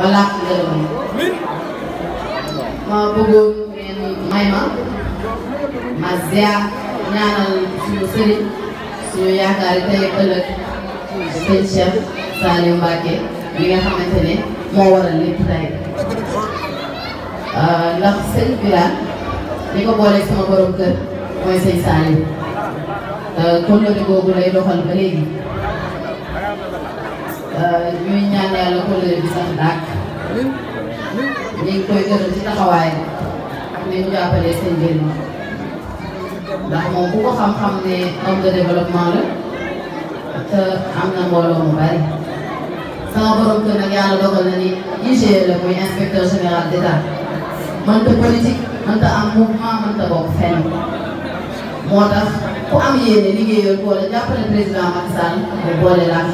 balaa ngërëm ma may ma ma ñaanal suñu sëriñ suñu yaakaari tey ëllëg sëñ Cheikh Saliou Mbacké bi nga xamante ne moo waral lépp tey euh, ndax sëñ Birane li ko booleeg sama borom kër mooy sëñ Saliou euh, kon loolu googu lay doxal ba léegi ñuy ñaan yàlla kóllëre bi sax dàkk ngi koy gërëm ci taxawaay ak ni ñu jàppalee seen njëriñ ndax moom ku ko xam-xam ne homme de te am na mbooloo mu bari sama borom kër nag yàlla dogal na ni IGE la muy inspecteur général d'État mënta politique mënta am mouvement mënta bokk fenn moo tax ku am yéene liggéeyal ko la jàppale président Macky Sall mu boole laa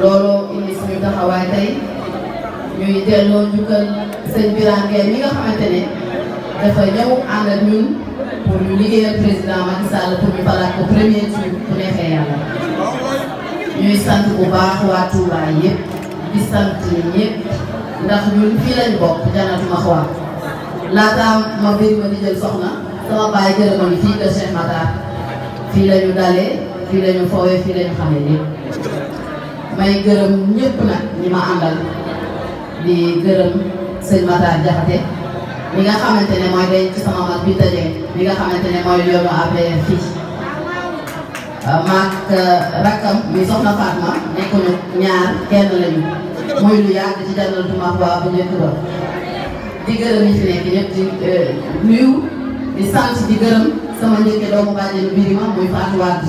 looloo indi suñu taxawaay tey ñuy delloo njukkal sëñ Birame Gueye mi nga xamante ne dafa ñëw ànd ak ñun pour ñu liggéeyal président Macky Sall pour ñu falaat ko bu baax waa Touba yëpp di ndax ñun fii lañ bokk janatu ma xawaar laataa ma bëri ma di jël soxna sama baay jëlee ma ni fii kër Cheikh Matar fii la dalee fii la ñu fii la xamee lépp. may gërëm ñëpp nag ñi ma àndal di gërëm sëñ Matar Jaxate mi nga xamante ne mooy denc sama mag bi tëjee mi nga xamante ne mooy yoonu APR fii maak rakkam mi soxna Fatma nekkuñu ñaar kenn lañu muy lu yàgg ci jàllal du mag waa bu njëkk ba di gërëm ñi nekk ñëpp di nuyu di sant di gërëm sama njëkke doomu bàjjen biir ma muy Fatou Wade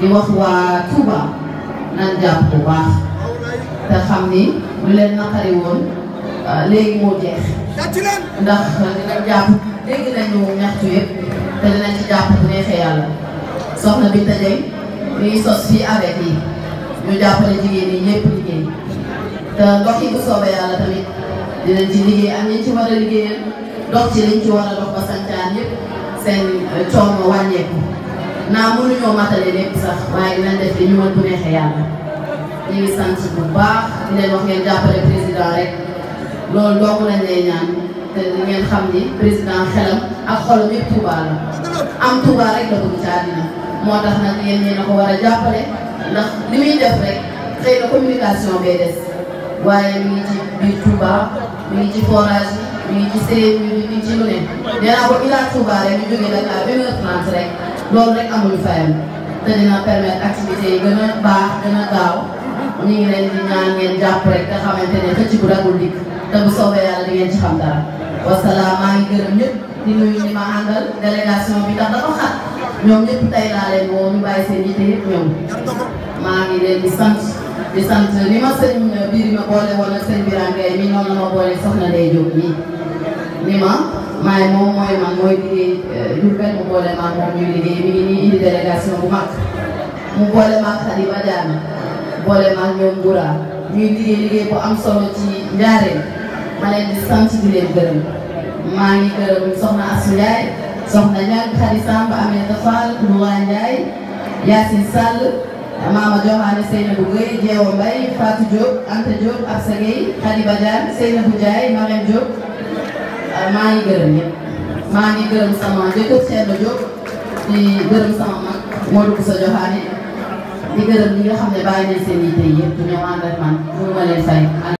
di wax waa Touba nan jàpp bu te xam ni lu leen naqari woon euh, léegi moo jeex ndax dinañ jàpp léegi nañu ñaxtu yëpp te dinañ ci jàpp bu neexee yàlla soxna Binta Dieng ñuy sos fii avec yi ñu jàppale jigéen ñi ñëpp liggéey te ndox yi bu soobee yàlla tamit dinañ ci liggéey am ñi ci war a liggéeyal dox ci liñ ci war a dox ba santaan yëpp seen euh, coono wàññeeku naa mënuñoo matale lépp sax waaye dinañ def li ñu mën bu yàlla ñu ngi sant bu baax di leen wax ngeen jàppale président rek loolu doomu lañ lay ñaan te di ngeen xam ni président xelam ak xolam yëpp Touba la am Touba rek la bëgg ci àddina moo tax nag yéen ñi na ko war a jàppale ndax li muy def rek xëy na communication bee des waaye mi ngi ci biir Touba mi ngi ci forage yi mi ngi ci séeréer mi ngi ci lu ne nee naa ko ilaa Touba rek ñu jógee Dakar benn loolu rek amul fayam te dina permettre activités yi gën a baax gën a gaaw ñu ngi leen di ñaan ngeen jàpp rek nga xamante ne xëcc bu dagul dikk te bu soobee yàlla di ngeen ci xam dara wasalaam maa ngi gërëm ñëpp di nuyu ñi ma àndal bi tax dafa xat ñoom ñëpp tey laa leen woo ñu bàyyi seen yitte yëpp ñoom maa ngi leen di sant di ma sëñ biir ma boole woon ak sëñ Birane Gueye mi noonu la ma soxna day jóg nii ni ma maay moom mooy man mooy liggéey euh, mu boole maag moom ñuy liggéey mi ngi nii indi délégation bu mag mu boole maag Khalifa Diana boole maag ñoom Goura ñuy liggéey liggéey bu am solo ci njaareel ma leen di sant di leen gërëm maa ngi gërëm soxna Assou Ndiaye soxna Niang Khady Samb Aminata Fall Noura Ndiaye Yacine Sall Mama Diohane Seynabou Gueye Diewo Mbaye Fatou Diop Anta Diop Absa Gueye Khalifa Diana Seynabou Ndiaye Marème Diop maa ngi gërëm ñëpp maa ngi gërëm sama jëkkër Thierno Diop di gërëm sama mag Modou Boussa Diokhane di gërëm ñi nga xam ne bàyyi nañ seen yitte yëpp ñëw ànd ak